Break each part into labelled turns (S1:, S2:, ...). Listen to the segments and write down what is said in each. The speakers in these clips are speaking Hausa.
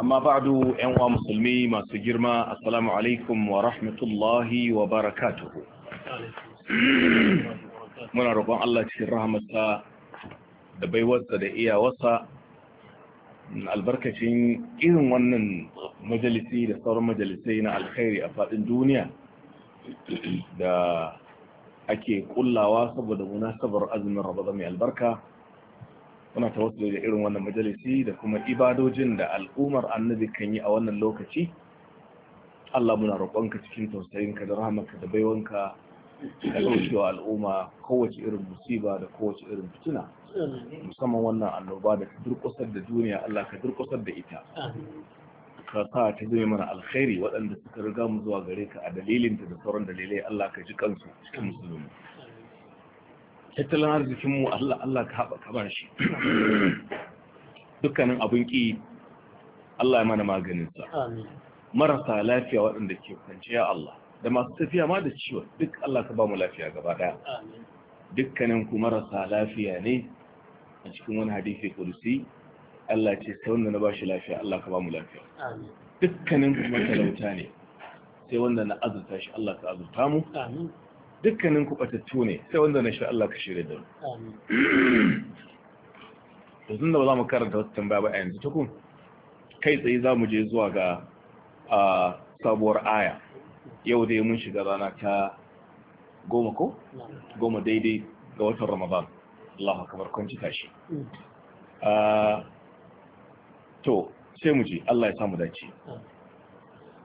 S1: amma ba'du yan uwa musulmi masu girma assalamu alaikum wa rahmatullahi wa barakatuhu muna roƙon Allah cikin rahamarsa da baiwarsa da iyawarsa albarkacin irin wannan majalisi da sauran majalisai na alkhairi a faɗin duniya da ake kullawa saboda munasabar azumin rabada mai albarka muna tawassuli da irin wannan majalisi da kuma ibadojin da al'ummar annabi kan yi a wannan lokaci Allah muna roƙonka cikin tausayinka da rahamarka da baiwanka da ɗaukewa al'umma kowace irin musiba da kowace irin fitina musamman wannan annoba da ka durƙusar da duniya Allah ka durƙusar da ita ka sa ta zai mana alkhairi waɗanda suka riga mu zuwa gare ka a dalilinta da sauran dalilai Allah ka ji kansu cikin musulmi tattalin arzikinmu Allah Allah ka haɓa kaban shi dukkanin abin ƙi Allah ya mana maganinsa marasa lafiya waɗanda ke kwanciya Allah da masu tafiya ma da ciwon duk Allah ka ba mu lafiya gaba ɗaya dukkanin ku marasa lafiya ne a cikin wani hadisi kursi Allah ce sai wanda na ba shi lafiya Allah ka ba mu lafiya dukkanin ku matalauta ne sai wanda na azurta shi Allah ka azurta mu dukkanin ku batattu ne sai wanda na shi Allah ka shirya da mu tun da ba za mu karanta wata tambaya ba a yanzu ta kun kai tsaye za mu je zuwa ga sabuwar aya yau dai mun shiga rana ta goma ko goma daidai ga watan ramadan Allah kamar kwanci tashi mm. to sai mu ji Allah ya samu dace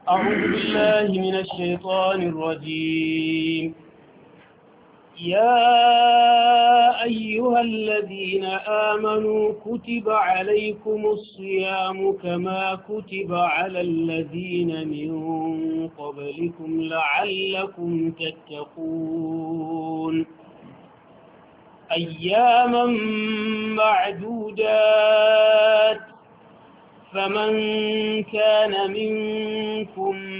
S2: أعوذ بالله من الشيطان الرجيم يا أيها الذين آمنوا كتب عليكم الصيام كما كتب على الذين من قبلكم لعلكم تتقون أياما معدودات فمن كان منكم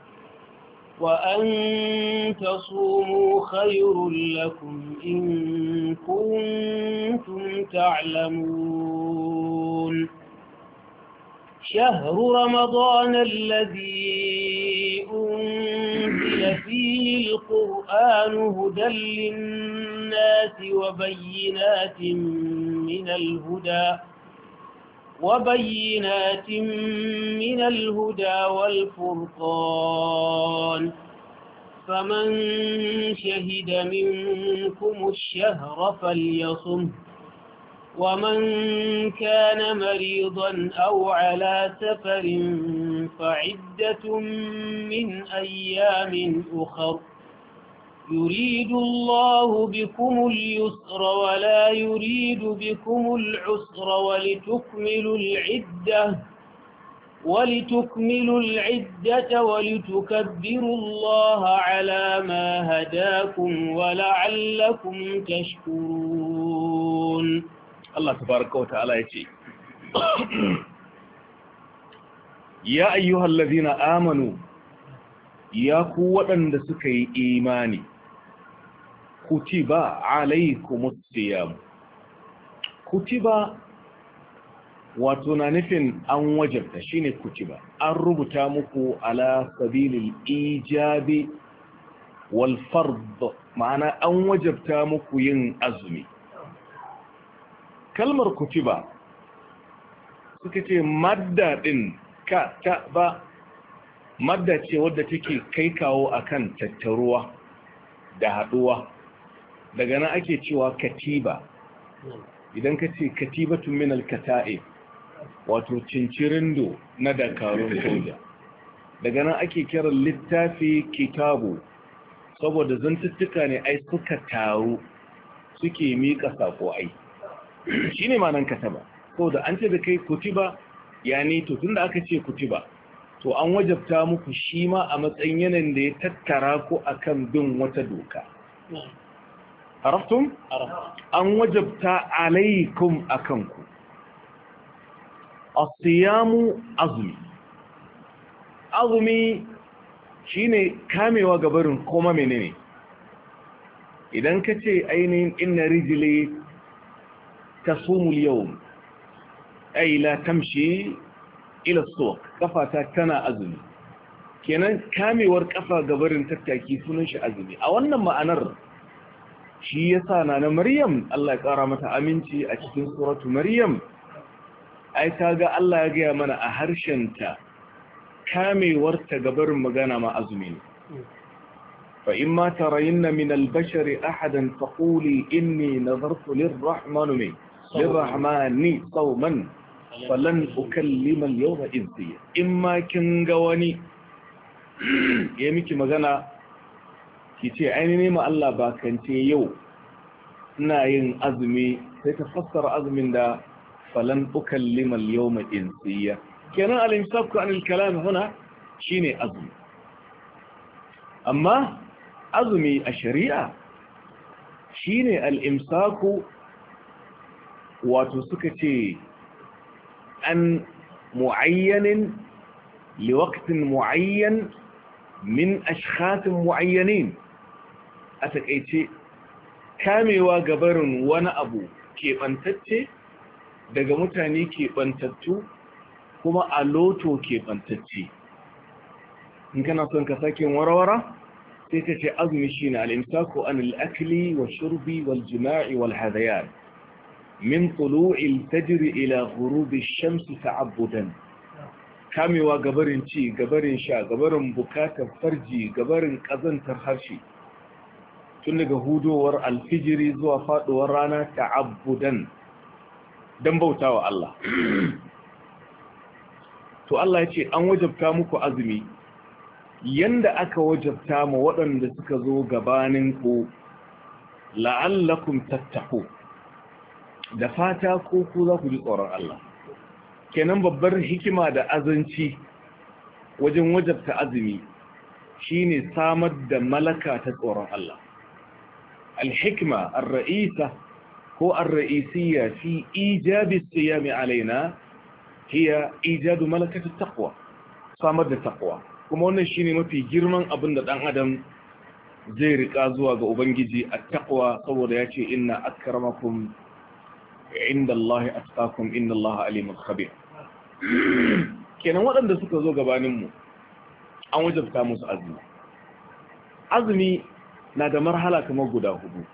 S2: وأن تصوموا خير لكم إن كنتم تعلمون شهر رمضان الذي أنزل فيه القرآن هدى للناس وبينات من الهدى وبينات من الهدى والفرقان فمن شهد منكم الشهر فليصم ومن كان مريضا أو على سفر فعدة من أيام أخر يريد الله بكم اليسر ولا يريد بكم العسر ولتكملوا العدة ولتكملوا العدة ولتكبروا الله على ما هداكم ولعلكم تشكرون
S1: الله تبارك وتعالى يتي يا أيها الذين آمنوا يا قوة لسكي إيماني kutiba alaikum siyam kutiba wato na nufin an wajabta shine kutiba an rubuta muku ala sabilil ijabi wal fard ma'ana an wajabta muku yin azumi kalmar kutiba suka ce madda din ka ta ba madda ce wadda take kai kawo akan tattaruwa da haduwa daga nan ake cewa katiba idan ka ce katibatun min alkata'i wato cincirindo na dakarun soja daga nan ake kiran littafi kitabu saboda zantuttuka ne ai suka taru suke miƙa sako ai shi ne manan kataba saboda an ce da kai kutiba ya ne to tun da aka ce kutiba to an wajabta muku shi ma a matsayin yanayin da ya tattara ku akan bin wata doka
S3: an
S1: wajabta alaikum kanku. asiyamu azumi azumi shine kamewa gabarin koma menene idan ka ce ainihin ina rijile tasumul yawm ay la tamshi ila kafata tana azumi kenan kamewar kafa gabarin tattaki sunan shi azumi a wannan ma'anar shi yasa na na maryam Allah ya kara mata aminci a cikin suratu maryam ai ga Allah ya gaya mana a harshen ta kamewarta gabarin magana ma azumi ne fa in ma tarayinna min al-bashar ahadan faquli inni nadartu lir-rahmani lir-rahmani sawman falan ukallima al-yawma insiya in ma kin ga wani ya miki magana ki ce ainihin ma Allah ba bakance yau ina yin azumi sai ta fassara azumin da falan ukallimal yawma insiya kenan al an anil kalam huna shine azumi amma azumi a shari'a shine al-imsaku wato suka ce an mu'ayyanin liwaqtin mu'ayyan min ashkhatin mu'ayyanin a takaice kamewa gabarin wani abu keɓantacce daga mutane keɓantattu kuma a loto keɓantacce in kana son ka sake warwara sai ka ce azumi shi na alimtaku an al'akili wa shurbi wal jima'i wal hadayar min tulu'il tajri ila ghurubi shamsi ta'abudan kamewa gabarin ci gabarin sha gabarin bukatar farji gabarin ƙazantar harshe tun daga hudowar alfijiri zuwa faduwar rana ta don dan wa Allah to Allah ya ce an wajabta muku azumi yanda aka wajabta ma waɗanda suka zo gabanin ku la’allakun tattako, da fata ko ku za ku ji tsoron Allah kenan babbar hikima da azanci wajen wajabta azumi shine samar da malaka ta tsoron Allah alhikma ar-ra'isa ko ar-ra'isiyya fi ijab as alaina hiya ijadu malakat at-taqwa samar da taqwa kuma wannan shine mafi girman abin da dan adam zai rika zuwa ga ubangiji at-taqwa saboda yace inna akramakum inda Allah atqakum inna Allah alimul khabir kenan waɗanda suka zo gabaninmu an wajabta musu azumi azumi na da marhala kamar guda hudu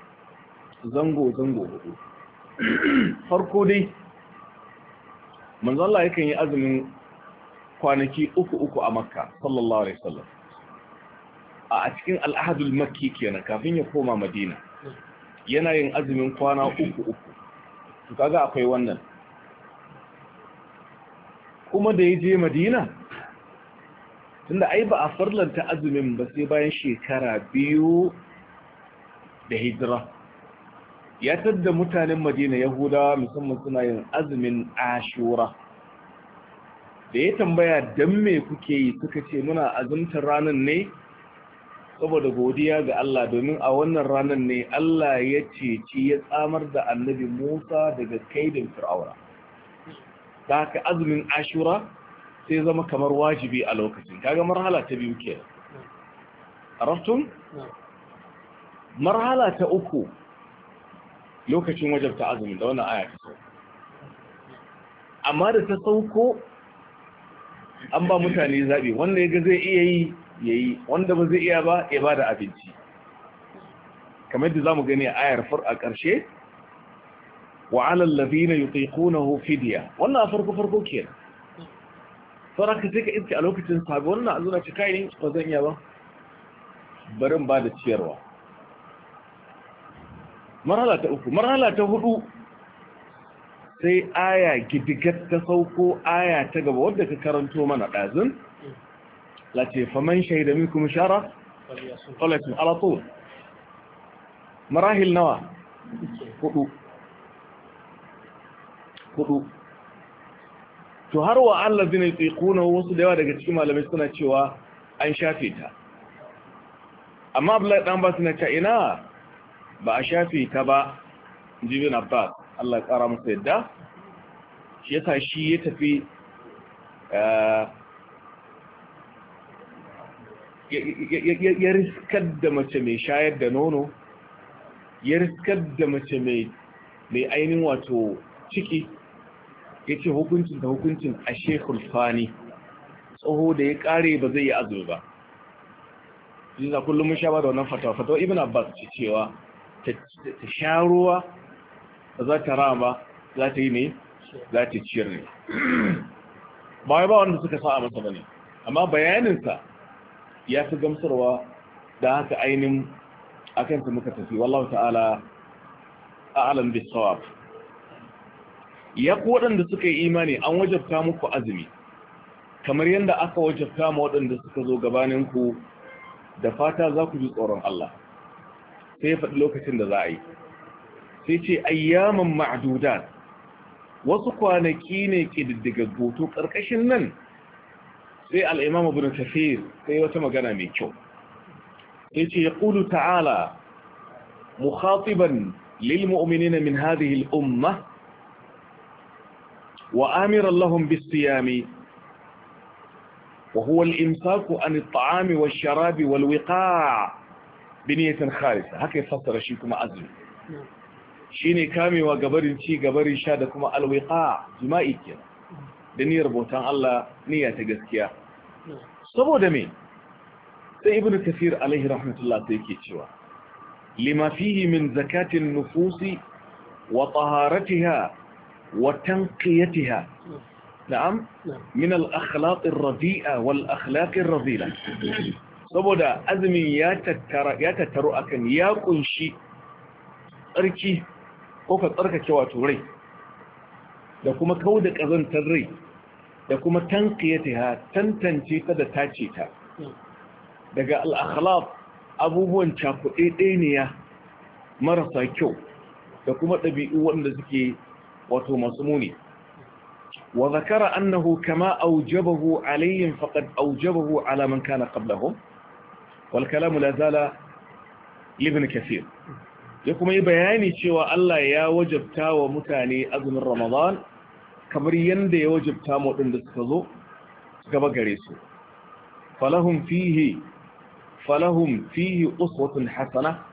S1: zango-zango hudu farko dai Manzallah yakan yi azumin kwanaki uku-uku a makka sallallahu alaihi sallam a cikin al'adul makki kenan kafin ya koma madina yana yin azumin kwana uku-uku su kaga akwai wannan kuma da ya je madina tunda ai ba a farlanta azumin ba sai bayan shekara biyu da hijira ya tadda mutanen madina Yahuda musamman suna yin azumin ashura da ya tambaya dan me kuke yi suka ce muna azumtar ranar ne saboda godiya ga Allah domin a wannan ranar ne Allah ya ceci ya tsamar da annabi Musa daga kaidin fir'aura da haka azumin ashura sai zama kamar wajibi a lokacin kaga marhala ta biyu ke arabtum marhala ta uku lokacin wajabta azumin da wannan aya ta sauko amma da ta sauko an ba mutane zaɓi wanda ya ga zai iya yi ya yi wanda ba zai iya ba ya ba da abinci kamar da za mu gani a ayar a ƙarshe wa alallafi na yi fidiya wannan a farko farko ke fara ka sai ka iske a lokacin sabi wannan a zuna ci kayan ba zan iya ba barin ba da ciyarwa marhala ta uku marhala ta hudu sai aya gidigar ta sauko aya ta gaba wadda ka karanto mana ɗazin lati faman shaida minkum shara qalatin ala tul marahil nawa hudu hudu to har wa allazina yutiquna wasu da yawa daga cikin malamai suna cewa an shafe ta amma Abdullahi dan ba suna ta ina ba a shafe ta ba jibin abbas Allah ƙara masa yadda shi yasa shi ya tafi eh, ya riskar da mace mai shayar da nono ya riskar da mace mai ainihin wato ciki ya ce hukuncin da hukuncin a shekul fani tsoho da ya kare ba zai yi azumi ba. Jinsa kullum mun sha ba da wannan fatawa fatawa Ibn Abbas ce cewa ta sha ruwa za ta rama za ta yi ne za ta ciyar ne ba wai ba wanda suka sa a masa bane amma bayaninsa ya fi gamsarwa da haka ainihin akan su muka tafi wallahu ta'ala a a'lam bis-sawab ya ku waɗanda suka yi imani an wajabta muku azumi kamar yadda aka wajabta ma waɗanda suka zo gabaninku da fata za ku ji tsoron Allah sai ya faɗi lokacin da za a yi sai ce ayyaman ma'adudan wasu kwanaki ne ƙididdigaggo to ƙarƙashin nan sai al'imam abin tafiyar sai wata magana mai kyau sai ce ya ƙudu ta'ala mukhatiban lilmu'minina min hadhihi al'umma wa amiran lahum bisiyami وهو الإمساك عن الطعام والشراب والوقاع biniyatin kharisa haka ya fassara shi kuma azumi shine kamewa gabarin ci gabarin sha da kuma alwiqa jima'i kenan da niyyar bautan Allah niyya ta gaskiya saboda me sai ibn kafir alaihi rahmatullah sai yake cewa lima fihi min zakatin nufusi wa taharatiha wa tanqiyatiha na'am min al-akhlaq ar-radi'a wal akhlaq ar-radila saboda azumin ya tattaru akan ya kunshi tsarki ko ka tsarkake wato rai da kuma kau da ƙazantar rai da kuma tankiyata tantance ta da tace ta daga al'akhlaf abubuwan cakuɗe ɗaniya marasa kyau da kuma ɗabi'u wanda suke wato masu muni wa zakara annahu kama aujabahu alayhim faqad aujabahu ala man kana qablahum wal kalamu la zala ibn ya kuma yi bayani cewa Allah ya wajabta wa mutane azumin Ramadan kamar yadda ya wajabta mu din suka zo gaba gare su Falahun fihi falahum fihi uswatun hasana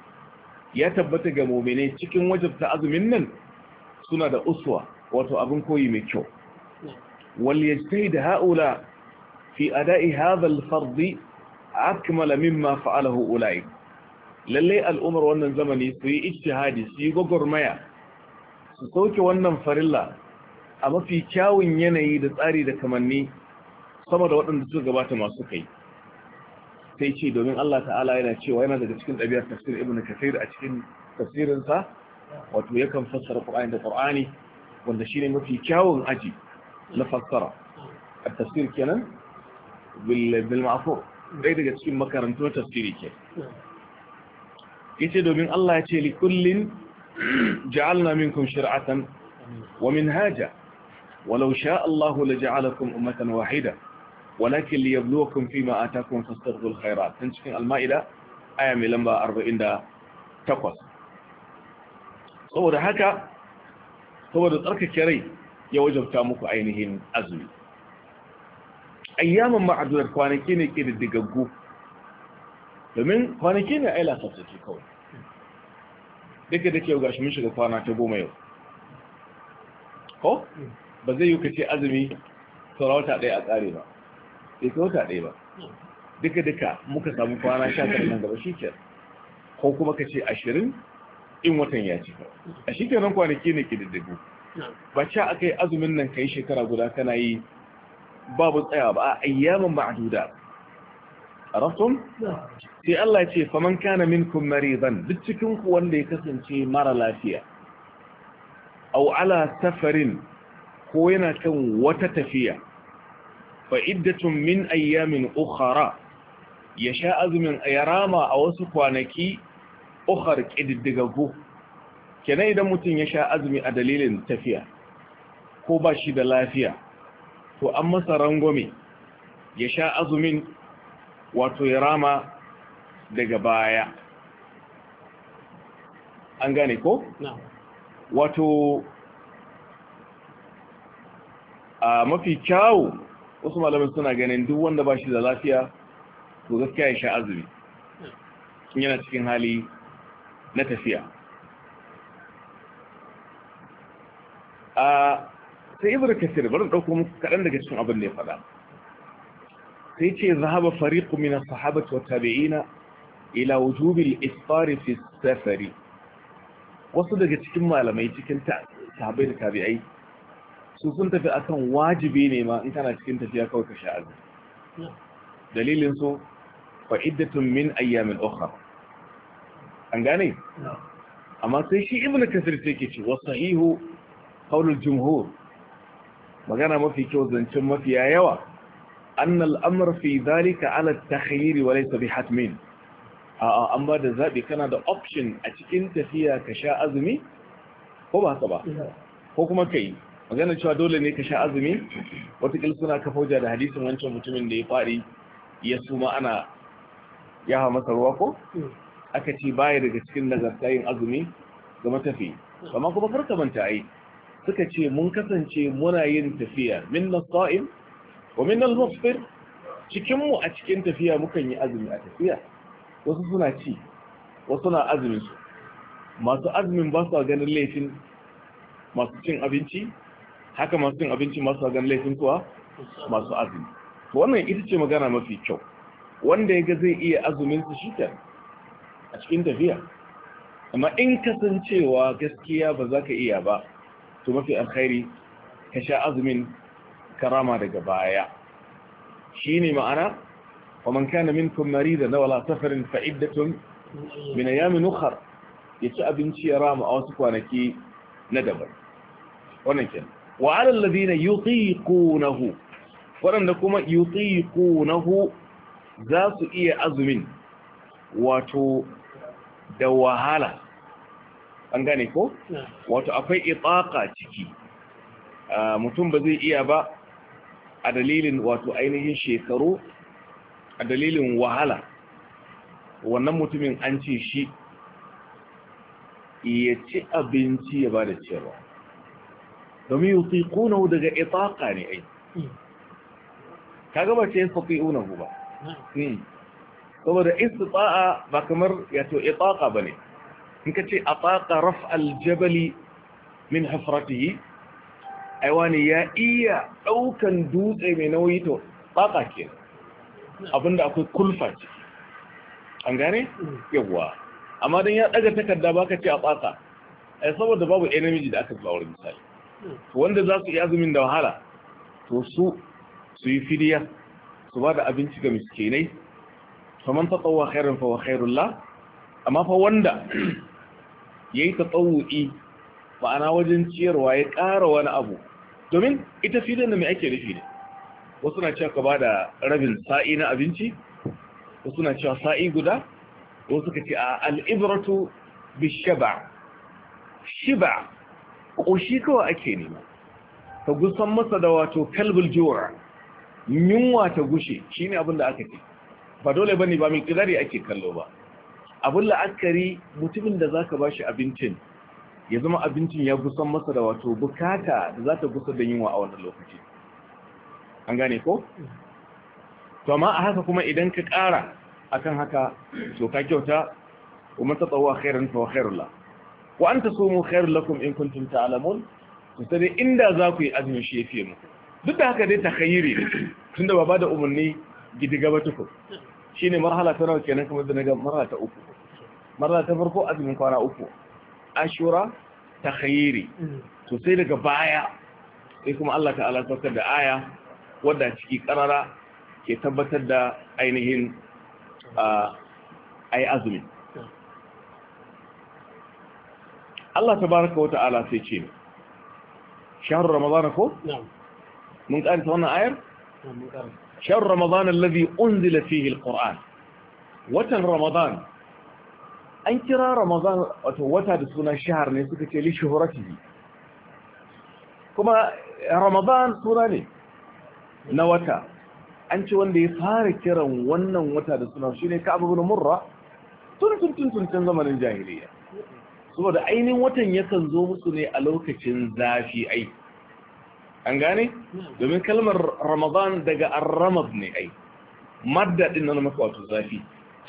S1: ya tabbata ga muminai cikin wajabta azumin nan suna da uswa wato abin koyi mai kyau wal yajtahid haula fi ada'i hadha al-fardh akmala mimma fa'alahu ulai lalle al'umar wannan zamani su yi ijtihadi su yi gogormaya su sauke wannan farilla a mafi kyawun yanayi da tsari da kamanni sama da waɗanda suka gabata masu kai sai ce domin Allah ta'ala yana cewa yana daga cikin ɗabi'ar tafsir ibn kathir a cikin tafsirinsa wato yakan fassara qur'ani da qur'ani wanda shine mafi kyawun aji na fassara a tafsir kenan bil bil ma'fur ɗaya daga cikin makarantun tafsiri ke yace domin Allah ya ce li kullin ja'alna minkum shir'atan wa minhaja walau sha'a Allah la ja'alakum ummatan wahida walakin li fima atakum fastaghfirul khairat tan cikin al-ma'ida aya mai lamba 48 saboda haka saboda tsarkake rai ya wajabta muku ainihin azumi ayyaman ma'adular kwanaki ne ke digaggu domin kwanaki ne a ai lasafsaki kawai duka da ke yau gashi mun shiga kwana ta goma yau ko ba zai yi kace azumi sarauta ɗaya a tsare ba sai eh, sarauta ɗaya ba duka duka muka samu kwana sha tara nan gaba shi ko kuma ka ce ashirin in watan ya cika a shi nan kwanaki ne ke diddigu ba ca aka yi azumin nan ka yi shekara guda kana yi babu tsaya ba a ayyamin ma'duda arafum sai Allah ya ce faman kana minkum maridan duk cikin ku wanda ya kasance mara lafiya aw ala safarin ko yana kan wata tafiya fa iddatun min ayyamin ukhra ya sha azumin yarama a wasu kwanaki ukhar kididdigagu kenan idan mutum ya sha azumi a dalilin tafiya ko ba shi da lafiya to an masa rangwame ya sha azumin wato ya rama daga baya an gane ko? wato a mafi kyawu wasu malamin suna ganin duk wanda ba shi da lafiya to gaskiya ya sha azumi yana cikin hali na tafiya a sai ibnu kasir bari dauko muku kadan daga cikin abin da ya faɗa sai ce zahaba fariqu min as-sahabati wa tabi'ina ila wujubi al-iftar fi safari wasu daga cikin malamai cikin sahabbai da tabi'ai su sun tafi akan wajibi ne ma in kana cikin tafiya kawai ka sha'azu dalilin su fa iddatun min ayyamin ukhra an gane amma sai shi ibnu kasir sai ke ce wa sahihu qaulul jumhur magana mafi kyau zancen mafiya yawa annal amr fi zalika ala takhayyir wa laysa bi hatmin a'a an ba da zabi kana da option a cikin tafiya ka sha azumi ko ba haka ba ko kuma kai magana cewa dole ne ka sha azumi watakil suna ka hujja da hadisin wancan mutumin da ya fadi ya suma ana ha masa ruwa ko hmm. aka ce baya daga cikin nazarta yin azumi ga matafi amma kuma karka manta ai suka ce mun kasance muna yin tafiya min nasa'im wa min al-mufsir cikin mu a cikin tafiya mukan yi azumi a tafiya wasu suna ci wasu na azumin su masu azumin ba su ganin laifin masu cin abinci haka masu cin abinci masu ganin laifin kuwa masu azumi to wannan ita ce magana mafi kyau wanda yaga zai iya azumin su shi a cikin tafiya amma in kasancewa gaskiya ba za ka iya ba to mafi alkhairi ka sha azumin karama daga baya shine ma'ana wa man kana minkum maridan aw ala safarin fa min ayamin abinci ya rama a wasu kwanaki na daban wannan kenan wa ala alladhina yutiqunahu waɗanda kuma yutiqunahu za su iya azumin wato da wahala an gane ko wato akwai itsaka ciki mutum ba zai iya ba a dalilin wato ainihin shekaru a dalilin wahala wannan mutumin an ce shi ya ci abinci ya ba da cewa domin yi kunau daga itsaka ne ai hmm. ka gaba ce yin fi unahu ba hmm. saboda istita'a ba kamar yato itsaka ba ne in ka ce a tsaka raf aljabali min hafratihi aiwani ya iya ɗaukan dutse mai nauyi to tsaka ke abinda akwai kulfa ce an gane? yawwa amma don ya ɗaga takarda ba ka ce a tsaka a saboda babu ɗaya namiji da aka zuwa misali wanda za su yi azumin da wahala to su su yi fidiya su ba da abinci ga miskinai faman taɓa wa khairun fa wa khairun la amma fa wanda ya yi tsawo'i ma'ana wajen ciyarwa ya ƙara wani abu domin ita filin da mai ake rufi ne wasu na cewa ka ba da rabin sa'i na abinci wasu na cewa sa'i guda wasu ka ce a al'ibratu bi shaba shiba ƙoshi kawai ake nema ka gusan masa da wato kalbul jiwa yunwa ta gushe shine abin da aka ce ba dole ba ne ba mai kidari ake kallo ba abin la'akari mutumin da zaka bashi abincin ya zama abincin ya gusan masa da wato bukata da za ta gusa da yunwa a wannan lokaci an gane ko? to amma a haka kuma idan ka ƙara akan haka to ka kyauta kuma ta tsawo a khairun fa khairul la wa anta sumu khairul lakum in kuntum ta'lamun to sai inda za ku yi azumi shi yafi mu duk da haka dai ta khairi tunda baba da umarni gidiga ba tuku Shi ne marhala ta nawa kenan kamar da na ga marhala ta uku marhala ta farko azumin kwana uku ashura ta khayiri mm. to sai daga baya sai kuma Allah ta'ala saukar da aya wadda ciki karara ke tabbatar da ainihin ai azumi Allah tabaraka wa ta'ala sai ce maza na ko mun karanta wannan ayar mun shan ramadan allazi unzila fihi alquran watan ramadan an kira ramadan wato wata da sunan shahar ne suka ce li shuhratihi kuma ramadan suna ne na wata an ce wanda ya fara kiran wannan wata da suna shine ka'ab ibn murra tun tun tun tun tun zamanin jahiliya saboda ainihin watan yakan zo musu ne a lokacin zafi ai an gane domin kalmar ramadan daga ar-ramad ne ai madda din nan maka wato zafi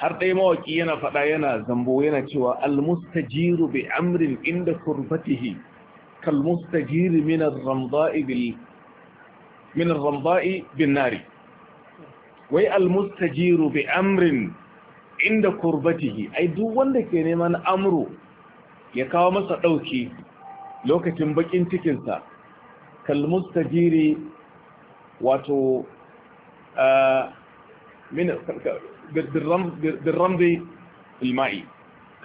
S1: har dai mawaki yana fada yana zambo yana cewa al-mustajiru bi amrin inda kurbatihi kal mustajiri min ar-ramda'i bil min ar-ramda'i bin nari wai al-mustajiru bi amrin inda kurbatihi ai duk wanda ke neman amru ya kawo masa dauki lokacin bakin cikinsa kalmustajiri wato birrambi ilma'i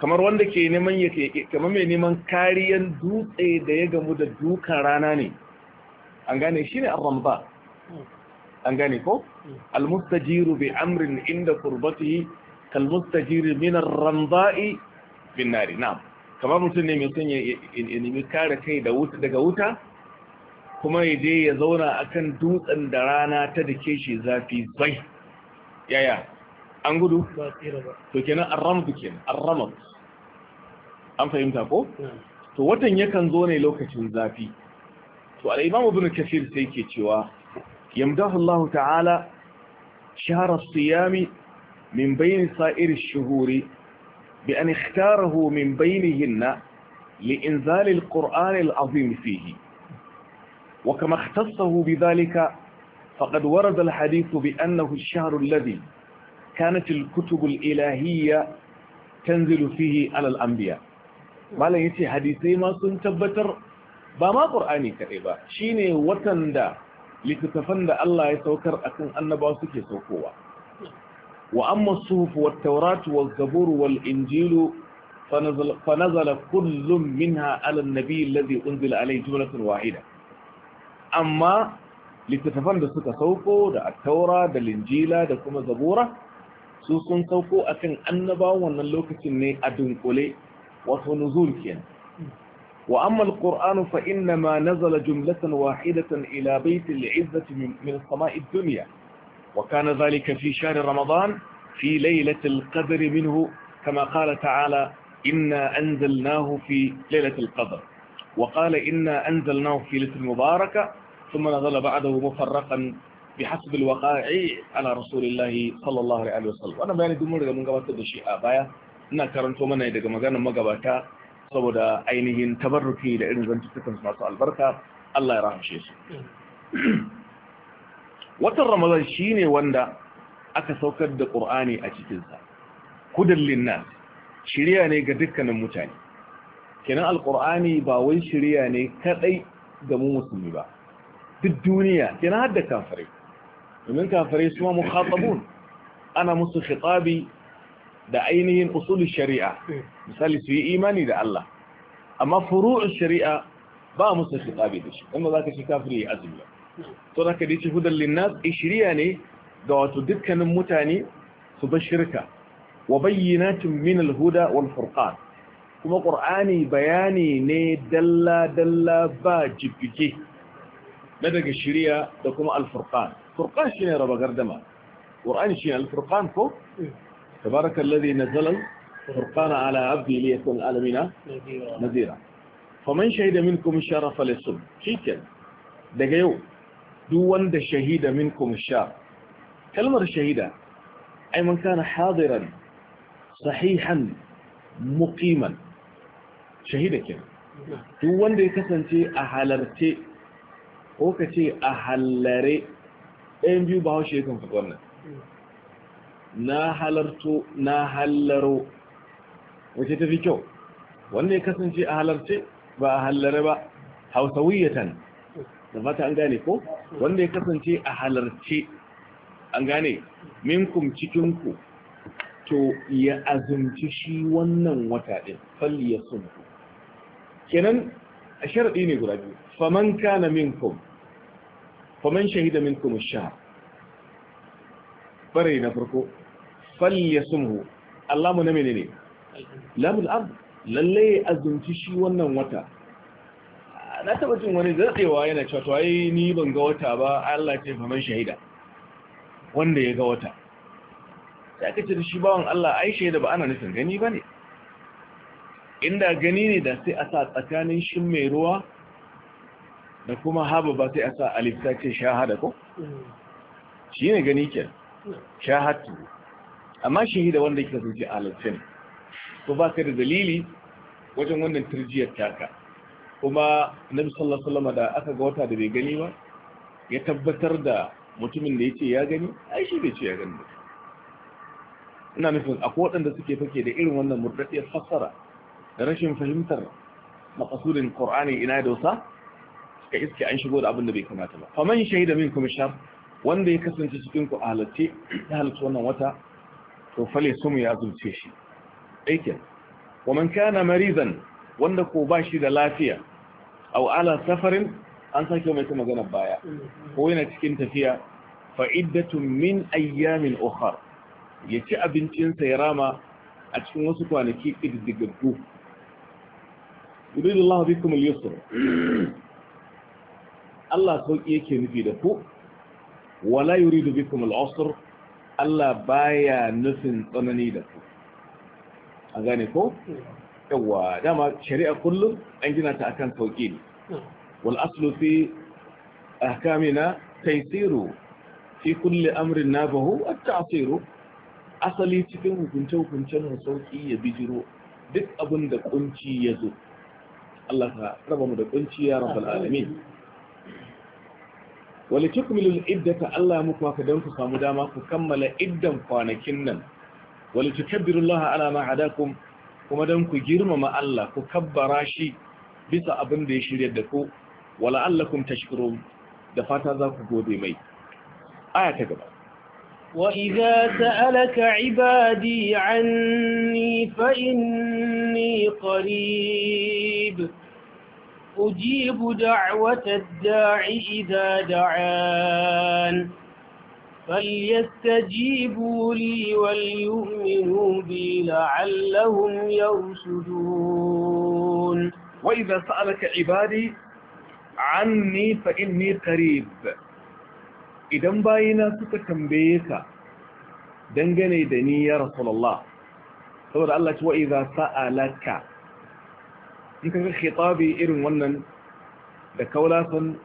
S1: kamar wanda ke neman yake kamar mai neman kariyan dutse da ya gamu da dukan rana ne an gane shi ne arramba an gane ko almustajiru bi amrin inda kurbatihi kalmustajiru min arramba'i bin nari na, kamar mutum ne mai son ya nemi kare kai daga wuta kuma ya je ya zauna akan dutsen da rana ta dake shi zafi zai yaya an gudu to kenan arramdu kenan arramad an fahimta ko to watan yakan zo ne lokacin zafi to al-imam ibn kathir sai ke cewa yamdahu Allah ta'ala shahr siyami min bayn sa'ir ash-shuhuri bi an ikhtarahu min baynihunna li li'in zalil quran al-'azim fihi وكما اختصه بذلك فقد ورد الحديث بأنه الشهر الذي كانت الكتب الإلهية تنزل فيه على الأنبياء ما لا يتي حديثي ما سنتبتر بما قرآني كريبا شيني وطن دا لتتفن دا الله يتوكر أكن أنبا سكي سوكوا وأما الصوف والتوراة والزبور والإنجيل فنزل, فنزل كل منها على النبي الذي أنزل عليه جملة واحدة amma littattafan da suka sauko da attaura da linjila da kuma zabura su sun sauko akan annabawan wannan lokacin ne a dunkule wato nuzul kenan wa amma alqur'anu fa inna ma nazala jumlatan wahidatan ila baiti al'izzati min as-sama'i ad-dunya wa kana dhalika fi shahr ramadan fi laylati al-qadr minhu kama qala ta'ala inna anzalnahu fi laylati al-qadr وقال إنا أنزلناه في ليلة مباركة ثم نزل بعده مفرقا بحسب الوقائع على رسول الله صلى الله عليه وسلم wannan bayani duk mun riga mun gabatar da shi a baya ina karanto mana daga maganar magabata saboda ainihin tabarruki da irin zantukan masu albarka Allah ya rahamshe su watan ramadan shine wanda aka saukar da qur'ani a cikinsa sa hudan linnas shiriya ne ga dukkanin mutane kenan alqur'ani ba wai shirya ne kadai ga mu musulmi ba duk duniya yana har da kafirai domin kafirai su ma mukhatabun ana musu khitabi da ainihin usulul shari'a misali su yi imani da Allah amma furu'ul shari'a ba musu khitabi da shi inda zaka shi kafiri ya azumi to zaka dace hudan linnas ishriya ne ga wato dukkanin mutane su bar shirka wa bayyana min al-huda wal furqan kuma qur'ani bayani ne dalla dalla ba jibbike نبغى الشريعة تكون الفرقان فرقان شنو يا ربا قردما قرآن شين الفرقان فو تبارك الذي نزل الفرقان على عبده ليكون العالمين نذيرا فمن شهد منكم الشرف فليصم شيكا دقيو دوان دا شهيد منكم الشار كلمة الشهيدة أي من كان حاضرا صحيحا مقيما شهيدة كلمة نعم. دوان دا يكسن تي أحالرتي ko ka ce a hallare ɗayan biyu ba haushe yakan fukon wannan na halarto na hallaro wace ta fi kyau wanda ya kasance a halarce ba a hallare ba Hausa hausawiyatan da fata an gane ko wanda ya kasance a halarce an gane minkum cikinku to ya azumci shi wannan wata ɗin falli ya sunku kenan a sharaɗi ne guda biyu faman kana minkum faman shahida minkum ash-shahr bare na farko falyasumhu Allah mu na menene lamul ab lalle azumci shi wannan wata na taba jin wani zartsewa yana cewa to ai ni ban ga wata ba Allah ce faman shahida wanda ya ga wata sai aka ce shi bawan Allah ai ba ana nufin gani inda gani ne da sai a sa tsakanin shin mai ruwa da kuma haba ba sai a sa alif ta ce shahada ko shi ne gani ke shahatu amma shahida wanda yake zuci alifin to ba ka da dalili wajen wannan turjiyar taka kuma nabi sallallahu alaihi wasallam da aka ga wata da bai gani ba ya tabbatar da mutumin da yace ya gani ai shi bai ce ya gani ina nufin akwai waɗanda suke fake da irin wannan murdadiyar fassara da rashin fahimtar maqasudin qur'ani ina da wasa ka iske an shigo da abin da bai kamata ba faman shaida min kuma shar wanda ya kasance cikin ku halatte ta halatta wannan wata to fale sumu ya zulce shi aikin wa man kana marizan wanda ko ba shi da lafiya aw ala safarin an sake mai ta magana baya ko yana cikin tafiya fa min ayyamin ukhra ya ci abincinsa ya rama a cikin wasu kwanaki ƙididdigaggu yuridullahu bikum al-yusra Allah sauki yake nufi da ku wala yuridu bikum kuma usr Allah baya nufin tsanani da ku a gane ko Yawwa. dama shari'a kullum an gina ta akan sauki ne wal aslu fi ahkamina taysiru fi kulli amrin nabahu at-ta'siru asali cikin hukunce-hukuncen sauƙi ya bijiro duk abin da kunci ya zo Allah ka raba mu da kunci ya rabbal alamin wali tukmilul iddata Allah ya muku maka don ku samu dama ku kammala iddan kwanakin nan wali tukabbirullaha ala ma hadakum kuma don ku girmama Allah ku kabbara shi bisa abin da ya shirya da ku wala allakum tashkurun da fata za ku gode mai aya ta gaba
S2: وَإِذَا سَأَلَكَ عِبَادِي عَنِّي فَإِنِّي قَرِيبٌ أجيب دعوة الداع إذا دعان فليستجيبوا لي وليؤمنوا بي لعلهم يرشدون وإذا سألك عبادي
S1: عني فإني قريب إذا bayina suka tambaye ka dangane رسول الله ya الله وإذا سألك ce in ka ga khitabi irin wannan da kaulasan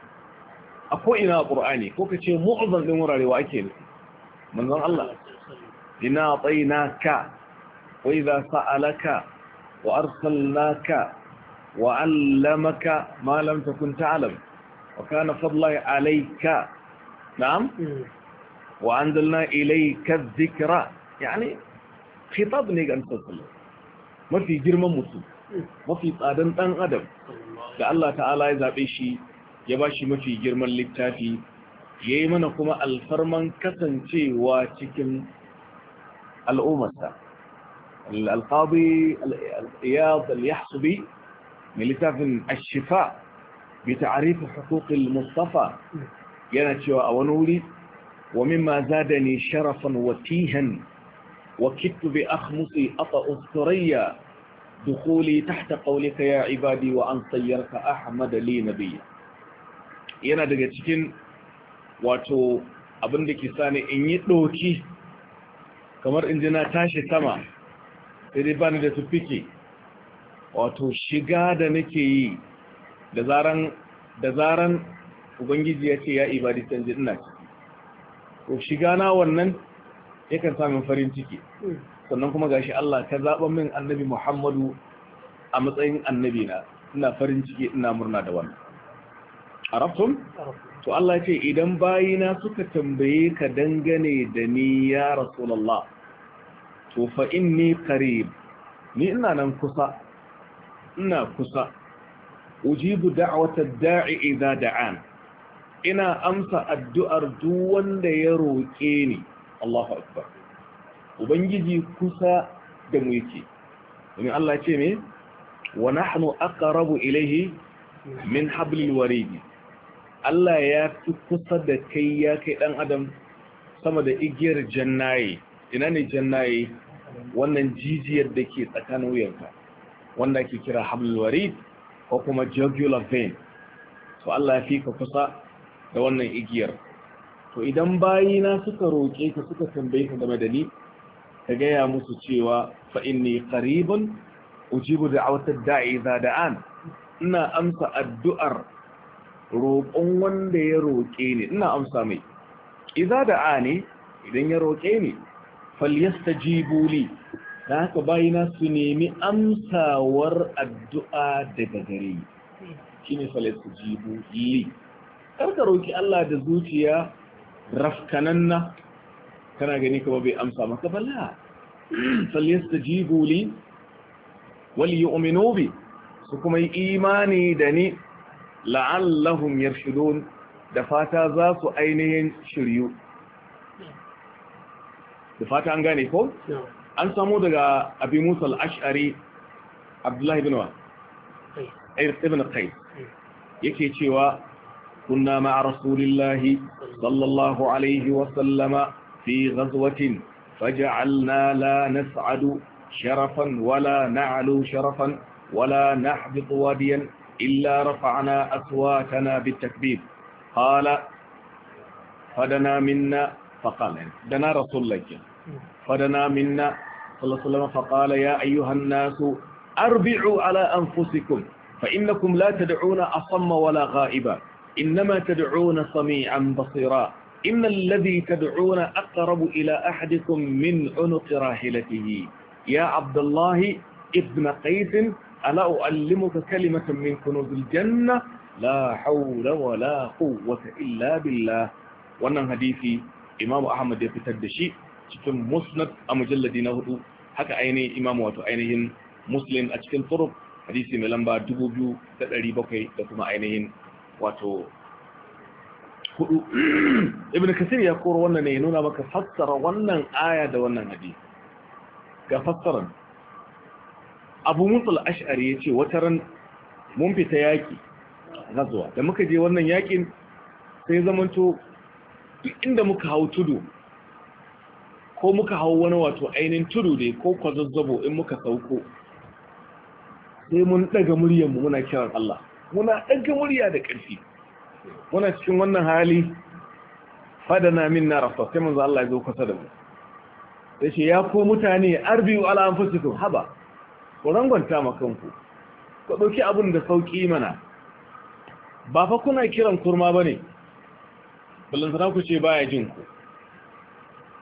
S1: a ko'ina a ƙur'ani ko ka ce mu'azan ɗin wurarewa ake nufi manzon Allah ina tsayina ka wa iza sa'alaka wa arsalnaka wa allamaka ma lam takun ta'lam wa kana fadlan alayka na'am wa anzalna ilayka adh-dhikra yani khitab ne ga annabi mafi girman mutum mafi tsadan ɗan adam da Allah ta'ala ya zaɓe shi ya ba shi mafi girman littafi ya yi mana kuma alfarman kasancewa cikin al'ummarsa al'alƙabi al'iyad al'yahsubi mai littafin ashifa bi ta'arifi hukukin mustafa yana cewa a wani wuri wa mimma zadani sharafan watihan وكدت بأخمصي أطأ الثريا دخولي تحت قولك يا عبادي وان صيرك احمد لي نبي yana daga cikin wato abin da ke sani in yi ɗoki kamar in na tashi sama sai dai bani da tufiki wato shiga da nake yi da zaran da zaran ubangiji ya ce ya ibadi canji ina ciki to shiga na wannan yakan samun farin ciki sannan kuma gashi Allah ka zaɓa min annabi Muhammadu a matsayin annabi na ina farin ciki ina murna da wannan arabtum to Allah ce idan bayina suka tambaye ka dangane da ni ya rasulullah to fa inni qarib ni ina nan kusa ina kusa ujibu da'wata da'i idza da'an ina amsa addu'ar duk wanda ya roke ni Allahu akbar ubangiji kusa da mu yake domin Allah ce me wa nahnu aqrabu ilayhi min hablil warid Allah ya fi kusa da kai ya kai dan adam sama da igiyar jannaye ina ne jannaye wannan jijiyar da ke tsakanin wuyanka wanda ke kira hablil warid ko kuma jugular vein to Allah ya fi ka kusa da wannan igiyar to idan bayina suka roke ka suka tambaye ka game da ni ka gaya musu cewa fa inni qaribun ujibu da'watad da'i idza da'an ina amsa addu'ar roƙon wanda ya roƙe ni ina amsa mai idza da'ani idan ya roƙe ni falyastajibu li Na haka bayina su nemi amsawar addu'a daga gare shi ne falyastajibu li karka roƙi Allah da zuciya rafkananna kana gani kuma bai amsa maka balla falyastajibu li wal yu'minu bi su kuma yi imani da ni la'allahum yarshudun da fata za su ainihin shiryu da fata an gane ko an samu daga abi musa al-ash'ari abdullahi ibn wa ibn qais yake cewa kunna ma'a rasulillahi sallallahu alaihi wa sallama في غزوة فجعلنا لا نسعد شرفا ولا نعلو شرفا ولا نحبط واديا إلا رفعنا أصواتنا بالتكبير قال فدنا منا فقال دنا رسول الله فدنا منا صلى الله عليه وسلم فقال يا أيها الناس أربعوا على أنفسكم فإنكم لا تدعون أصم ولا غائبا إنما تدعون صميعا بصيرا innal ladhi tad'una aqrabu ila ahadikum min unuq rahilatihi ya abdullahi ibn qais ala uallimuka kalimatan min kunuzil janna la hawla wala quwwata illa billah wannan hadisi imam ahmad ya fitar da shi cikin musnad a mujalladi na hudu haka ainihin imam wato ainihin muslim a cikin turuk hadisi mai lamba da bakwai da kuma ainihin wato hudu ibn kasir ya koro wannan ne ya nuna maka fassara wannan aya da wannan hadisi ga fassaran abu mutul ash'ari ya wata ran mun fita yaƙi gazuwa da muka je wannan yaƙin sai zamanto duk inda muka hau tudu ko muka hau wani wato ainihin tudu dai ko kwazazzabo in muka sauko sai mun ɗaga muryarmu muna kiran Allah muna ɗaga murya da ƙarfi muna cikin wannan hali fadana min na rasa sai manzo Allah ya zo kusa da mu sai shi ya ko mutane arbiu ala anfusikum haba ku rangwanta ma kanku ku dauki abin da sauki mana ba fa kuna kiran kurma bane ballan sana ku ce baya jin ku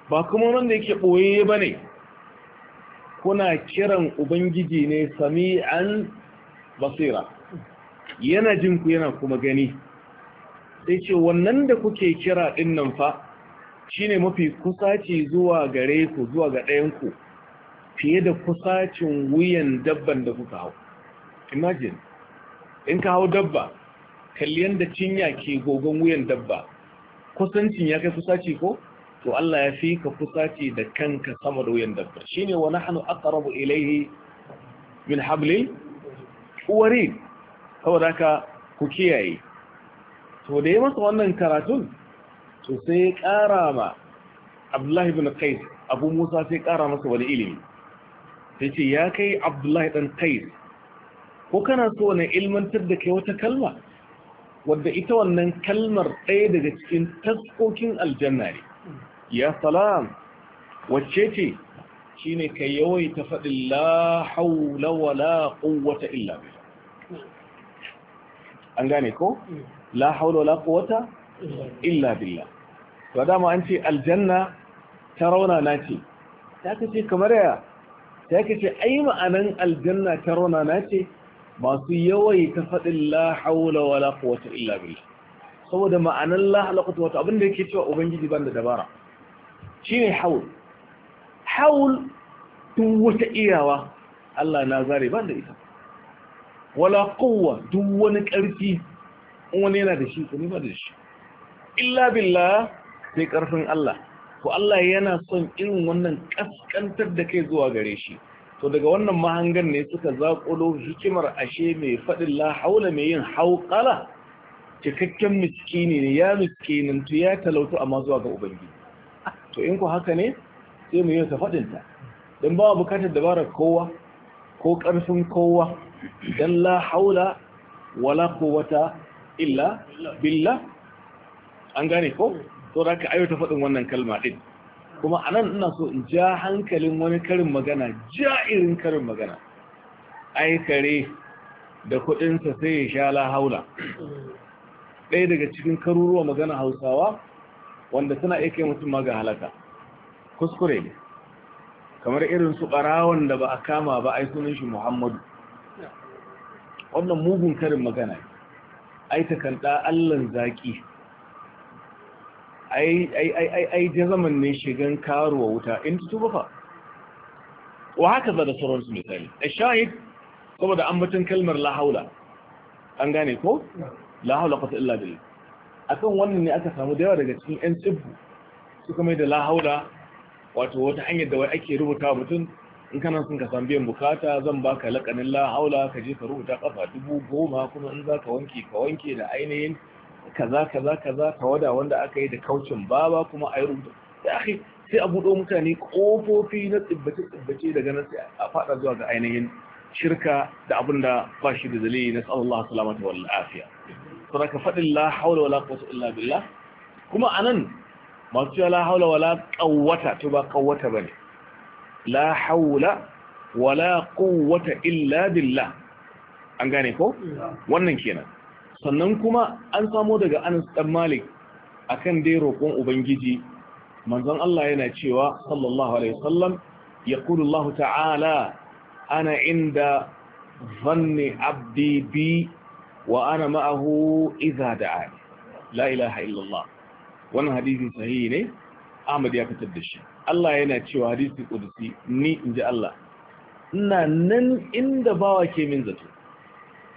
S1: ba kuma wanda yake boye bane kuna kiran ubangiji ne sami'an basira yana jin ku yana kuma gani sai ce wannan da kuke kira din nan fa shine mafi kusaci zuwa gare ku zuwa ga ɗayan ku fiye da kusacin wuyan dabban da kuka hau imagine in ka hau dabba kalliyan da cinya ke gogon wuyan dabba kusancin ya kai kusaci ko to Allah ya fi ka kusaci da kanka sama da wuyan dabba shine wa nahnu aqrabu ilayhi min hablil warid saboda ka ku kiyaye to da ya masa wannan karatun to sai ya ƙara ma abdullahi bin kais abu musa sai ƙara masa wani ilimi sai ce ya kai abdullahi dan kais ko kana so na ilmantar da kai wata kalma wadda ita wannan kalmar ɗaya daga cikin taskokin aljanna ne ya salam wacce ce shine ka yawaita faɗi la haula wala quwwata illa an gane ko hmm. la haula wala quwwata illa billah to dama an ce aljanna ta rauna na ce ta kace kamar ya ta kace ai ma'anan aljanna ta rauna na ce masu yawai ta faɗin la haula wala quwwata illa billah saboda ma'anan la haula quwwata wato abin da yake cewa ubangiji ban da dabara shine haul haul tun wata iyawa Allah na zare ban da ita wala quwwa duk wani ƙarfi in wani yana da shi ko ni ba da shi illa billah sai karfin Allah ko Allah yana son irin wannan kaskantar da kai zuwa gare shi to daga wannan mahangan ne suka zaƙulo hikimar ashe mai faɗin la haula mai yin hauƙala cikakken miskini ne ya to ya talautu amma zuwa ga ubangiji to in ku haka ne sai mu yi ta faɗinta da ba bukatar dabarar kowa ko ƙarfin kowa don la haula wala quwwata illa billah an gane ko to za ka ayyuta faɗin wannan kalma ɗin kuma a nan ina so in ja hankalin wani karin magana ja irin karin magana Aikare da kuɗinsa sai ya sha lahaula ɗaya daga cikin karuruwa magana hausawa wanda suna iya kai mutum ma ga halaka kuskure ne kamar irin su ɓarawon da ba a kama ba ai sunan shi muhammadu wannan mugun karin magana ne ai takanta allan zaki ai ai ai ai jazaman ne shigan karuwa wuta in tuba fa wa haka da sauransu misali a shahid saboda ambaton kalmar la haula an gane ko la haula quwwata illa billah akan wannan ne aka samu da yawa daga cikin yan tsibbu suka mai da la haula wato wata hanyar da wai ake rubuta mutum in kana sun ka samu biyan bukata zan baka lakanin la haula ka je ka rubuta kafa dubu goma kuma in zaka wanke ka wanke da ainihin kaza kaza kaza tawada wanda aka yi da kaucin baba kuma a yi rubuta sai sai a buɗo mutane ƙofofi na tsibbace-tsibbace daga nan sai a faɗa zuwa ga ainihin shirka da abin da ba shi da zali na sallallahu salamata wa lafiya sana ka faɗin la haula wala quwwata illa billah kuma anan masu cewa la haula wala qawwata to ba qawwata bane la haula wala quwwata illa billah an gane ko wannan kenan sannan kuma an samo daga Anas dan Malik akan dai roƙon ubangiji manzon Allah yana cewa sallallahu alaihi wasallam yaqulu Allah ta'ala ana inda zanni abdi bi wa ana ma'ahu idza da'a la ilaha illa Allah wannan hadisi sahihi ne Ahmad ya fitar da shi Allah yana cewa hadisi kudusi ni in ji Allah ina nan inda bawa ke min zato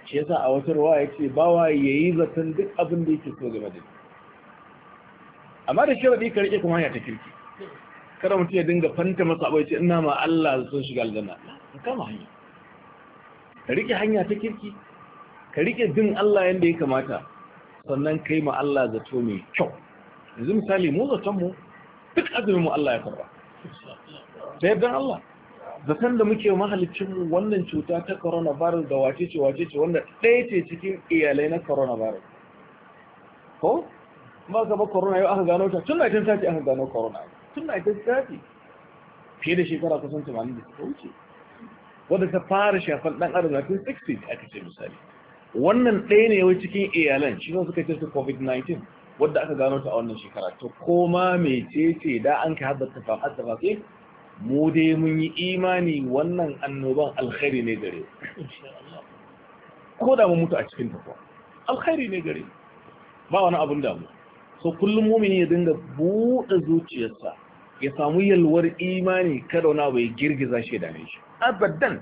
S1: shi yasa a wata ruwa ya ce bawa ya yi zaton duk abin da yake so game da amma da sharaɗi ka rike kuma hanya ta kirki kada mutum ya dinga fanta masa abai ce ina ma Allah zaton shiga aljanna ka kama hanya ka rike hanya ta kirki ka rike bin Allah yanda ya kamata sannan kai ma Allah zato mai kyau yanzu misali mu zaton mu duk azumin mu Allah ya karba da yardan Allah zaton da muke mahalicinmu wannan cuta ta coronavirus da wace ce wace ce wanda ɗaya ce cikin iyalai na coronavirus ko ba ka ba corona yau aka gano ta tun na can sati aka gano corona tun na can sati fiye da shekara kusan 80 da suka wuce wadda ta fara shafan ɗan adam na 60 aka ce misali wannan ɗaya ne yau cikin iyalan shi ne suka ce su covid-19 wadda aka gano ta a wannan shekara to koma mecece da an ka haddata fa haddata ke mu dai mun yi imani wannan annoban alkhairi ne gare ko da mun mutu a cikin tafa alkhairi ne gare ba wani abun damu so kullum mumini ya dinga buɗe zuciyarsa ya samu yalwar imani kada wani abu ya girgiza shi da ne shi abadan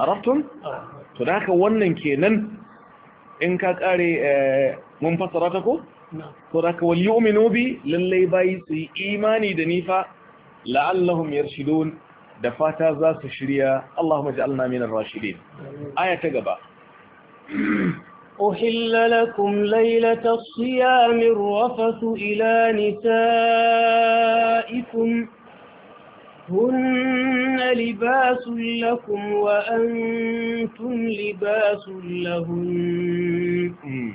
S1: arabtun to da haka wannan kenan in ka kare eh, mun fassara ta ko? Saraka wal yi lallai bayi su imani da nifa la’allahun yar shidon da fata za su shirya Allahumma ji Allah minar rashidin.
S2: Aya ta gaba. Ohillala kun laila ta suya min rufa su ilani ta ikun hun libasun lakun wa’antun libasun lahun.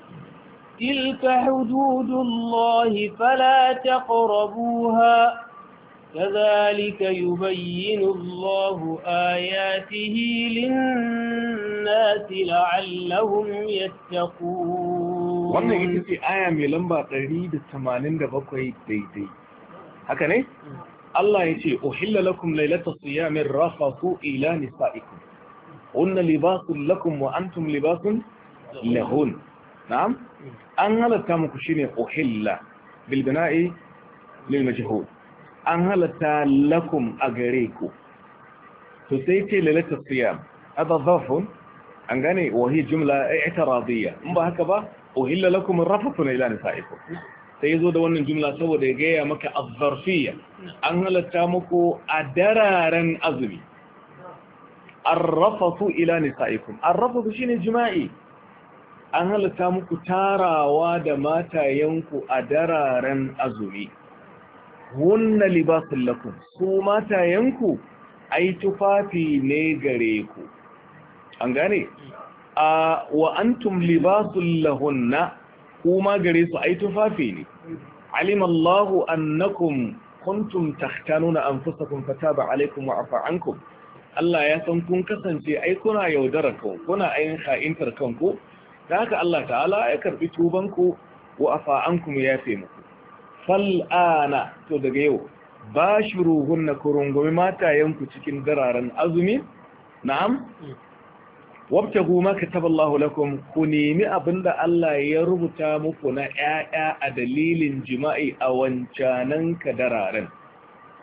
S2: تلك حدود الله فلا تقربوها كذلك يبين الله آياته للناس لعلهم يتقون وانا يجب
S1: في آية ملنبا قريب الثمانين دبقوه الديدي هكذا الله يجب أحل لكم ليلة الصيام الرافقوا إلى نسائكم قلنا لباس لكم وأنتم لباس لهون na'am an halatta muku shine uhilla bil bina'i lil majhul an halatta lakum a gare ku to sai ce lalata siyam hada dhafun an gane wa hi jumla i'tiradiyya in ba haka ba uhilla lakum rafathu ila nisaikum sai zo da wannan jumla saboda ya gaya maka azzarfiyya an halatta muku a dararen azumi arrafathu ila nisaikum arrafathu shine jima'i an halatta muku tarawa da matayenku a dararen azumi wunna libasun lakun su matayenku ai tufafi ne gare ku an gane a wa libasun lahunna kuma gare su ai tufafi ne alimallahu annakum kuntum tahtanuna anfusakum fataba alaikum wa afa ankum Allah ya san kun kasance ai kuna yaudarar kanku kuna ainihin ha'intar kanku da haka Allah ta'ala ya karɓi tubanku wa afa'anku mu ya muku fal'ana to daga yau bashiruhunna kurungumi matayenku cikin dararen azumi na'am wabtahu ma kataballahu lakum ku nemi abinda Allah ya rubuta muku na 'ya'ya a dalilin jima'i a wancanan dararen,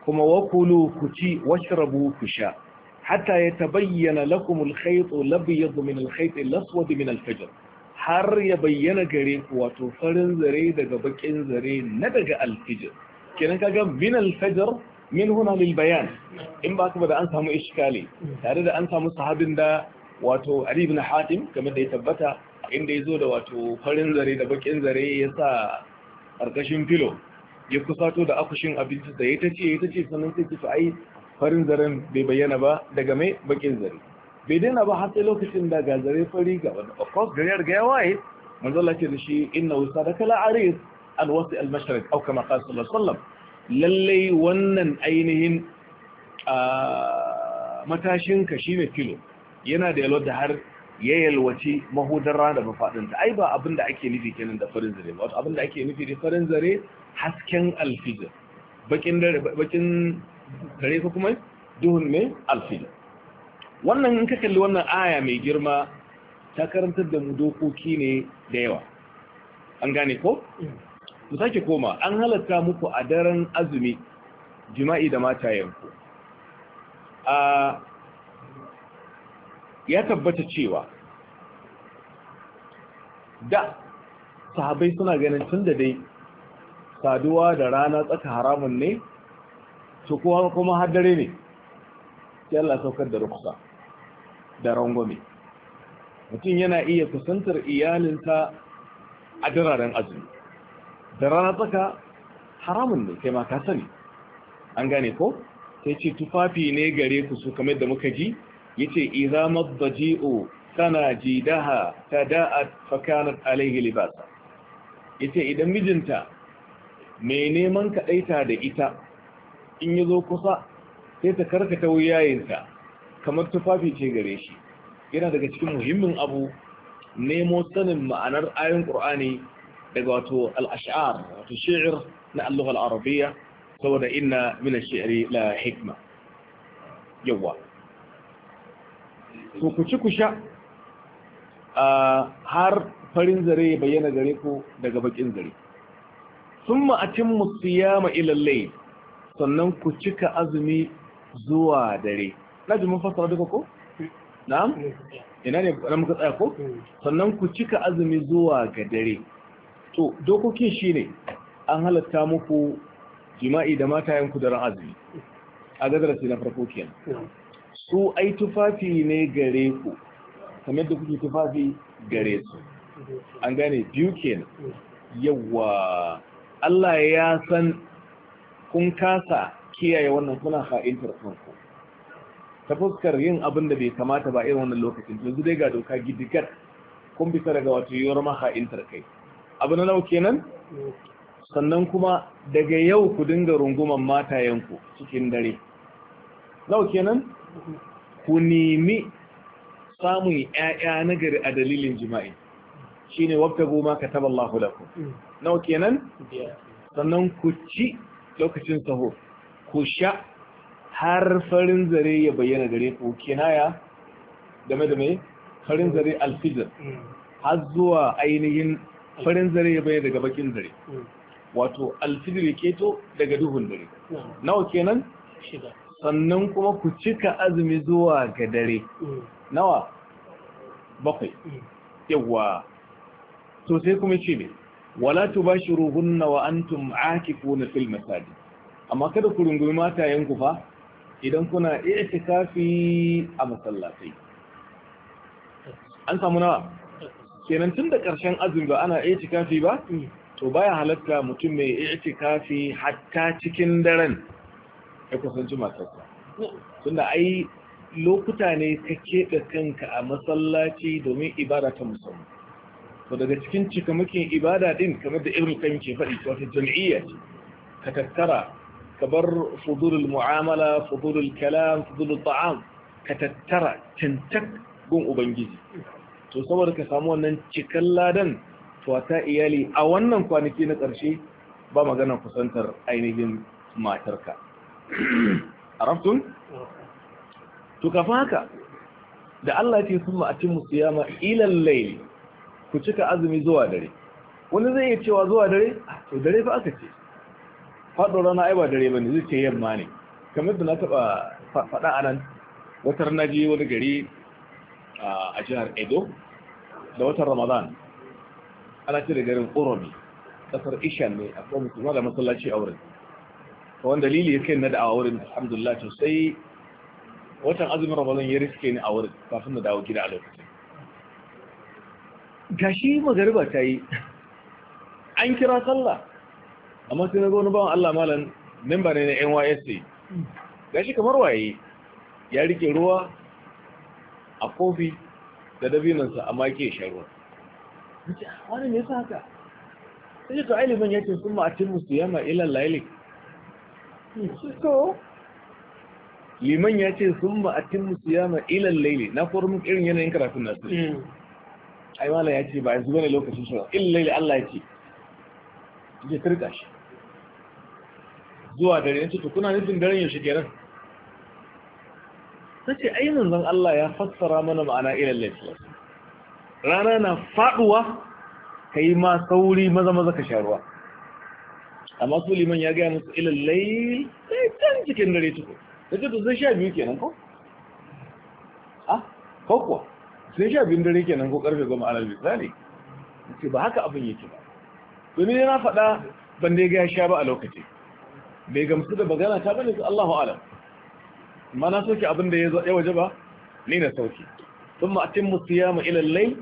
S1: kuma wakulu ku ci washrabu ku sha hatta yatabayyana lakum al-khayt al-abyad min al-khayt min har ya bayyana gare ku wato farin zare daga bakin zare na daga alfijir kenan kaga min alfajr min huna lil bayan in ba ka da an samu iskali tare da an samu sahabin da wato Ali ibn Hatim kamar da ya tabbata inda ya zo da wato farin zare da bakin zare ya sa karkashin filo ya kusato da akushin abinci da ya tace ya sannan sai ki ai farin zaren bai bayyana ba daga mai bakin zare bai daina ba har sai lokacin da ga zare fari ga wani of course gari ga ya waye manzo Allah ce da shi inna sadaka la arid al wasi al mashriq aw kama qala sallallahu alaihi wasallam lalle wannan ainihin matashin ka shine kilo yana da yalwar da har ya yalwaci mahudar rana da faɗin ta ai ba abin da ake nufi kenan da farin zare ba abin da ake nufi da farin zare hasken alfijir bakin dare bakin dare ko kuma duhun mai alfijir wannan in ka kalli wannan aya mai girma ta karantar da mu dokoki ne da yawa an gane ko ku sake koma an halatta muku a daren azumi jima'i da yanku a ya tabbata cewa da sahabai suna ganin tun da dai saduwa da rana tsaka haramun ne to kuma haddare ne sai Allah saukar da rukusa da rangwame mutum yana iya kusantar iyalinsa a duraren azumi da rana tsaka haramun ne kai ma sani an gane ko sai ce tufafi ne gare ku su kamar da muka ji Ya ce yace mabba madji'u kana jidaha ta da'a fakanar alaihi libasa ce idan mijinta mai neman kaɗaita da ita in zo kusa sai ta karkata wuyayinta kamar tufafi ce gare shi yana daga cikin muhimmin abu nemo sanin ma'anar ayin ƙur'ani daga wato al'ash'ar wato shi'ir na allughar arabiya saboda inna mina ash la hikma yawa ku ci ku sha har farin zare bayyana gare ku daga bakin zare sun atimmu siyama ma al sannan ku cika azumi zuwa dare na mun fassara duka ko na'am ina ne na muka tsaya ko sannan ku cika azumi zuwa ga dare to dokokin shine an halatta muku jima'i da yanku da ran azumi a gadarasi na farko kenan su ai tufafi ne gare ku kamar da kuke tufafi gare su an gane biyu kenan yawa Allah ya san kun kasa kiyaye wannan kuna ha'intar kanku ta fuskar yin abin da bai kamata ba irin wannan lokacin yanzu dai ga doka gidigat kun bisa daga wato yiwuwar maha'intar kai abu na nau kenan sannan kuma daga yau ku dinga runguman matayenku cikin dare nau kenan ku nemi samun 'ya'ya nagari a dalilin jima'i Shi ne wabta goma ka taba Allah hulaku nau kenan sannan ku ci lokacin saho ku sha har farin zare ya bayyana gare ku kinaya game da mai farin zare alfijir har zuwa ainihin farin zare ya bayyana daga bakin zare wato alfijir ya keto daga duhun dare nawa kenan sannan kuma ku cika azumi zuwa ga dare nawa bakwai yawa to sai kuma ce ne wala ba shi ruhun an wa antum aakifuna fil masajid amma kada ku rungumi matayen ku fa idan kuna i'tikafi a masallatai an samu nawa kenan tun da ƙarshen azumi ba ana i'tikafi ba to baya halatta mutum mai i'tikafi hatta cikin daren ya kusanci matarsa tunda ai lokuta ne ka keɓe kanka a masallaci domin ibada ta musamman to daga cikin cikamakin ibada din kamar da irin kan ke faɗi wata jam'iyya ce ka tattara kabar fudulul mu'amala fudulul kalam fudulul ta'am ka tattara tantak gun ubangiji to saboda ka samu wannan cikan ladan to ta iyali a wannan kwanaki na ƙarshe ba magana kusantar ainihin matarka arabtun to kafin haka da Allah ya ce sun ma'atin musiyama ilal layl ku cika azumi zuwa dare wani zai iya cewa zuwa dare to dare fa aka ce faɗo rana ai ba dare ba ne zai ce yamma ne kamar da na taɓa faɗa a nan wata rana je wani gari a jihar edo da watan ramadan ana ce da garin oromi ƙasar ishan ne a kuma musulma da masallaci a wurin wani dalili ya kai na da a wurin alhamdulillah to sai watan azumin ramadan ya riske ni a wurin kafin na dawo gida a lokacin gashi magariba ta yi an kira sallah amma sai na gano ba bawan Allah malam memba ne na NYSC gashi kamar waye ya rike ruwa a kofi da sa amma ke shan ruwa ah, wani ne sa haka sai to ailimin ya ce sun ma'atin musu yama ilan lailik so liman ya ce sun ma'atin musu yama ilan laili na kuma mun irin yanayin karafin nasu hmm. ai ya ce ba yanzu ne lokacin shi ilan laili allah ya ce ya turka shi zuwa dare yanzu to kuna nufin daren yaushe kenan sace ai manzon Allah ya fassara mana ma'ana ilal layl rana na faduwa kai ma sauri maza maza ka sharuwa amma su liman ya gaya musu ilal layl sai can cikin dare tuko sace to zai sha biyu kenan ko A? Ah, ko kuwa sai sha biyun dare kenan ko karfe goma alal misali ce ba haka abin yake ba domin yana faɗa ban dai ga sha ba a lokaci bai gamsu da magana ta bane su Allahu alam mana soke abin da ya waje ba ni na sauki sun ma'atin musiyama ilallai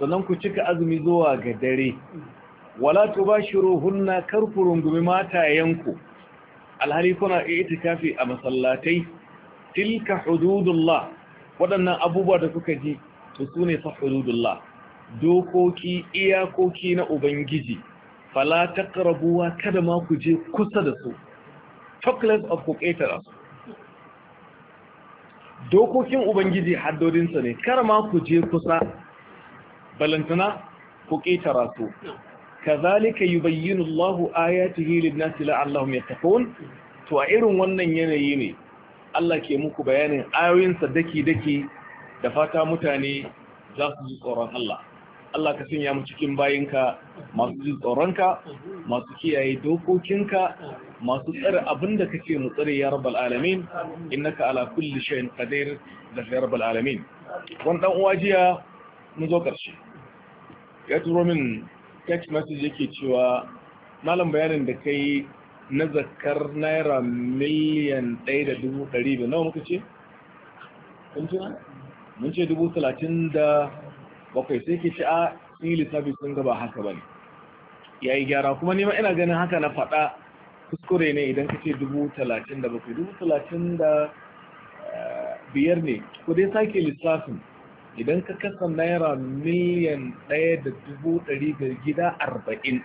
S1: sannan ku cika azumi zuwa ga dare wala tu ba hunna karku rungumi yanku. alhali kuna itikafi a masallatai tilka hududullah waɗannan abubuwa da kuka ji to su ne fa hududullah dokoki iyakoki na ubangiji fala taqrabuwa kada ma ku je kusa da su chocolate of cocaterers dokokin ubangiji haddodinsa ne karma ku je kusa balantana ku kazalika yubayyinu Allahu ayatihi lin-nasi la'allahum yattaqun to a irin wannan yanayi ne Allah ke muku bayanin ayoyinsa daki-daki da fata mutane za su ji tsoron Allah Allah ka sanya mu cikin bayinka masu jin tsoronka masu kiyaye dokokinka masu tsare abin da kake mu tsare ya rabbal alamin innaka ala kulli shay'in qadir da ya rabbal alamin wan dan uwa jiya mun zo karshe ya turo min text message yake cewa malam bayanin da kai na zakar naira miliyan ɗaya da dubu ɗari da nawa muka ce? mun ce dubu talatin da bakwai sai ke ci a tsili sabis sun gaba haka ba ne. ya yi gyara kuma nima ina ganin haka na faɗa kuskure ne idan ka ce dubu talatin da bakwai dubu talatin da eh, biyar ne ku dai sake lissafin idan ka kasa naira miliyan ɗaya da dubu ɗari da gida arba'in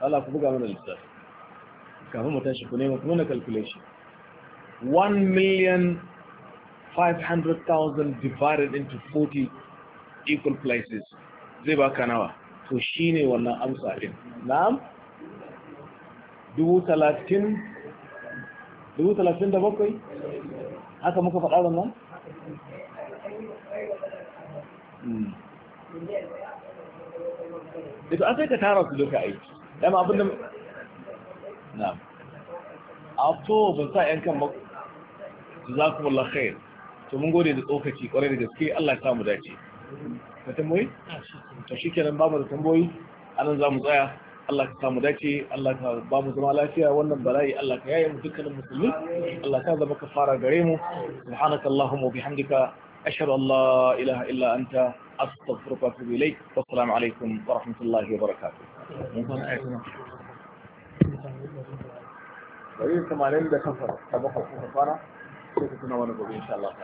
S1: ala ku buga mana lissafi kafin mu tashi ku nema kuma na calculation 1 million 500,000 divided into 40 equal places zai baka nawa to shine wannan amsa din na'am dubu talatin dubu talatin da bakwai haka muka faɗa wannan ita hmm. eh, an sai ka tara su duka aiki dama abin da na'am a to ban sa 'yan kan ba za kuma lakhair to mun gode da tsokaci kwarai da gaske Allah ya samu dace ka tamboyi ah, to shikenan ba mu da tamboyi anan za mu tsaya Allah ka samu dace Allah ka ba mu zama lafiya wannan bala'i Allah ka yaye mu dukkanin musulmi Allah ka zama kafara gare mu subhanaka allahumma bihamdika ashhadu an la ilaha illa anta astaghfiruka wa atubu ilayk wa assalamu alaikum wa rahmatullahi wa barakatuh mun san ayatuna bari 88 da kafara sai ka tuna wani gobe insha Allah